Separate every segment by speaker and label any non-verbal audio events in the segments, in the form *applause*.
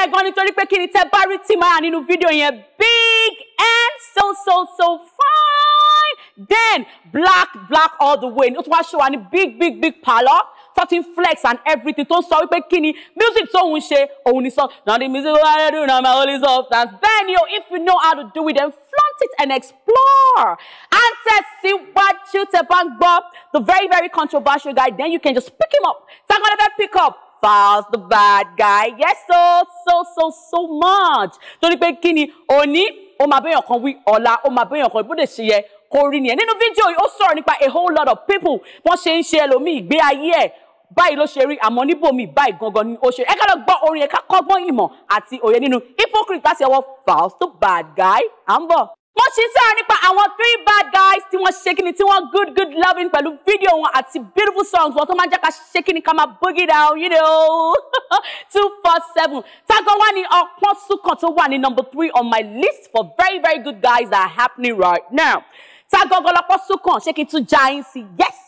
Speaker 1: bẹ́ẹ̀ gan nítorí pé kí ni tẹ́ bá rí Timaya nínú fídíò yẹn big and so so so fine then black black all the way ó tún wá ṣe wá ní big big big pàlọ́ fourteen flex and everything tó ń sọ wípé kí ni music tó ń ṣe òun ni sọ na the music wey I do na my only substance bẹ́ẹ̀ ni o if you know how to do it then flaunt it and explore and tẹ̀síwájú tẹ bá ń gbọ́ the very very controversial guy then you can just pick him up tẹ́gbọ́n lè fẹ́ pick up. Falz the bad guy yes so so so so much torí pé kí ni òní ó máa béèyàn kan wí ọ̀la ó máa béèyàn kan ìbúdè ṣe yẹ kó rí nìyẹn nínú fídíò yìí ó sọ̀rọ̀ nípa a whole lot of people wọ́n ṣe ń ṣe ẹlòmíì ìgbé ayé ẹ̀ báyìí ló ṣe rí àmọ́ níbòmí báyìí gangan ni ó ṣe ẹ ká lọ gbọ́ orin ẹ̀ ká kọ́gbọ́n ìmọ̀ àti òye nínú hypocrite láti ọwọ́ Falz the bad guy à ń bọ̀ mo ṣe sọ̀rọ̀ nípa àwọn three bad guys tí wọ́n ṣe kíni tí wọ́n good good loving pẹ̀lú fídíò wọn àti beautiful songs wọn tó máa ń jẹ́ ká ṣe kíni ká máa boogie down you know *laughs* two four seven tago wá ní ọpọ́n súnkàn tó wà ní number three on my list for very very good guys that are happening right now tago ọgọlọpọ súnkàn ṣé kí n tún já yín sí yes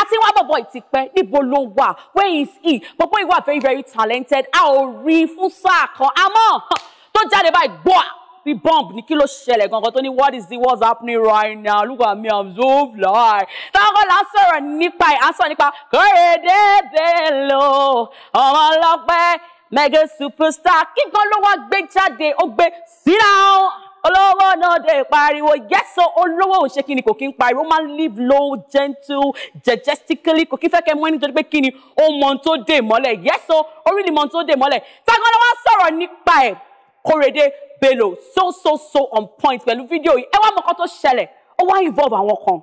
Speaker 1: àti wọn bọ̀bọ̀ ìtìpẹ́ níbo ló wà where is he bọ̀bọ̀ yìí wà very very talented a ò rí fún sáà kan àmọ́ tó jáde báyìí gbọ́ bí bump Nikilo kí ló ṣẹlẹ̀ gangan tó ní what is the what's happening right now look at me i'm so fly. táwọn la sọ̀rọ̀ nípa ẹ̀ á sọ̀rọ̀ nípa Kórédé Bello ọmọ ọlọ́pẹ́ mega superstar Keep kíkan ló wá gbé jáde ó gbé síra olówó náà dé pariwo yes, olówó ò ṣe kíni kò kí ń pariwo máa ń live low gentle digestically kò kí fẹ́ kẹ́ mọ́ ẹni torí pé kíni ó mọ ohun tó dé mọ́lẹ̀ yẹsọ orílẹ̀ mọ ohun tó dé mọ́lẹ̀ tágọ́lọ́ wá sọ̀rọ̀ nípa ẹ̀ Kóredé Bello so so so on point pẹ̀lú fídíò yìí ẹ wá mọ̀kọ́ tó ṣẹlẹ̀ ó wá involve àwọn kan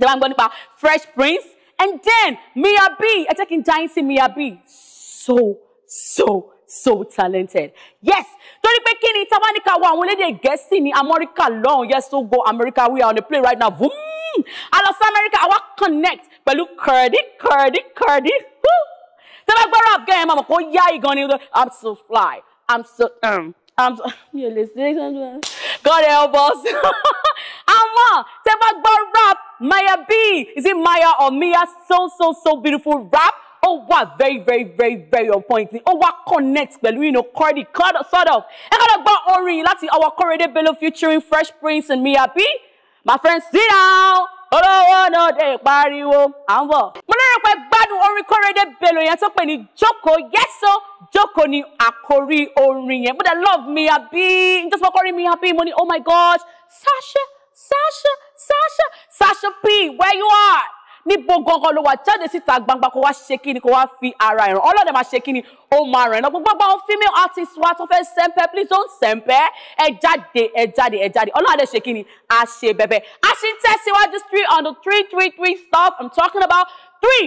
Speaker 1: dẹ́gbà ń gbọ́ nípa Fresh Prince and then Mia B ẹ jẹ́ kí n dáhìn sí Mia B so so so talented yes torí pé kí ni tabanika wo àwọn elédè gẹ̀ẹ́sì ní Amẹ́ríkà lọ́hùn yes so go America we are on a plane right now boom a lọ sí Amẹ́ríkà àwa connect pẹ̀lú kẹ̀rẹ̀dí kẹ̀rẹ̀dí kẹ̀rẹ̀dí tẹ́lẹ̀ gbọ́dọ̀ àbúgẹ́ yẹn máa mọ̀ kó yá igan ni I'm so fly I'm so um, mi ò lè ṣe God help us Amma, *laughs* tẹ́ bá gbọ́ rap Maya B is it Maya or Mia so so so beautiful rap Oh wà very very very very on point Oh what connects? connect pẹ̀lú you know cordy sort of ẹ kọ́ lọ gbọ́ orin láti ọwọ́ Korede Bello featuring Fresh Prince and Mia B my friends, sit down olówó náà dé pariwo à ń bọ̀. mo lérò pé gbádùn orin Korede Bello yẹn tó to Joko. Yes, yẹ́sọ́ Morocco ni àkórí orin yẹn. But I love Mia B. Nítorí wọ́n kọrin Mia B. Mo ní, oh my God, Sasha, Sasha, Sasha, Sasha P, where you are? níbo gangan ló wà jáde síta gbangba kó wá ṣe kíni kó wá fi ara ẹ̀ràn ọlọ́dẹ máa ṣe kíni ó máa rẹ̀ náà gbogbo àwọn female artist wa tó fẹ́ sẹ́ńpẹ́ please don't sẹ́ńpẹ́ ẹ jáde ẹ jáde ẹ jáde ọlọ́dẹ ṣe kíni a ṣe bẹ̀bẹ̀ a ṣe ń tẹ̀síwájú three on the three three three stuff I'm talking about three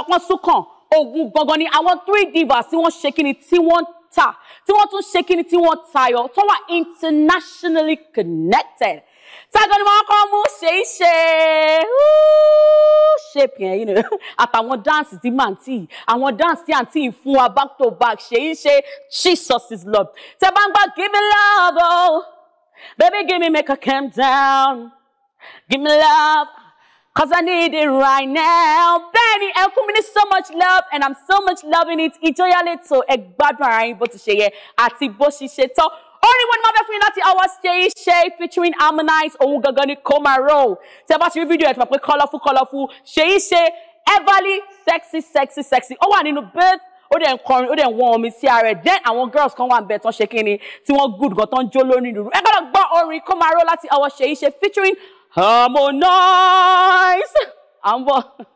Speaker 1: ọ̀pọ̀ sùn kàn ogun gangan ni àwọn three divas tí wọ́n ṣe kíni tí wọ́n tà tí wọ́n tún ṣe kíni tí wọ́n tayọ tó wà internationally connected tágan ni wọ́n kọ́ mú ṣe é ṣe ṣèpì ẹ̀ yìí àtàwọn dáǹsì tí màá tì àwọn dáǹsì tí àǹtí yìí fún wa back to back ṣe é ṣe Jesus is love tẹ bá ń gbọ́ give me love oh baby give me make I calm down give me love. Cause I need it right now. Benny. ẹ fún mi ní so much love and I'm so much loving it. Ìjọyà lẹ́tọ̀ ẹ gbádùn ara yín bó ti ṣe yẹ àti bó ṣe ṣe tán. Orin wọn ni wọ́n fẹ́ fún yín featuring harmonize or gangan ni Komaro. Tí ẹ bá ti rí fídíò colorful colorful máa pé everly sexy sexy sexy. Ó wà nínú bed ó dẹ̀ ń kọrin ó dẹ̀ warm wọ́n omi Then I want then àwọn girls kan wà ń bẹ tán ṣe kí ni tí wọ́n good gan tán jó lórí ìlú. Ẹ gbọ́dọ̀ gbọ́ orin Komaro láti ọwọ́ ṣe yí featuring Harmonize. I'm *laughs*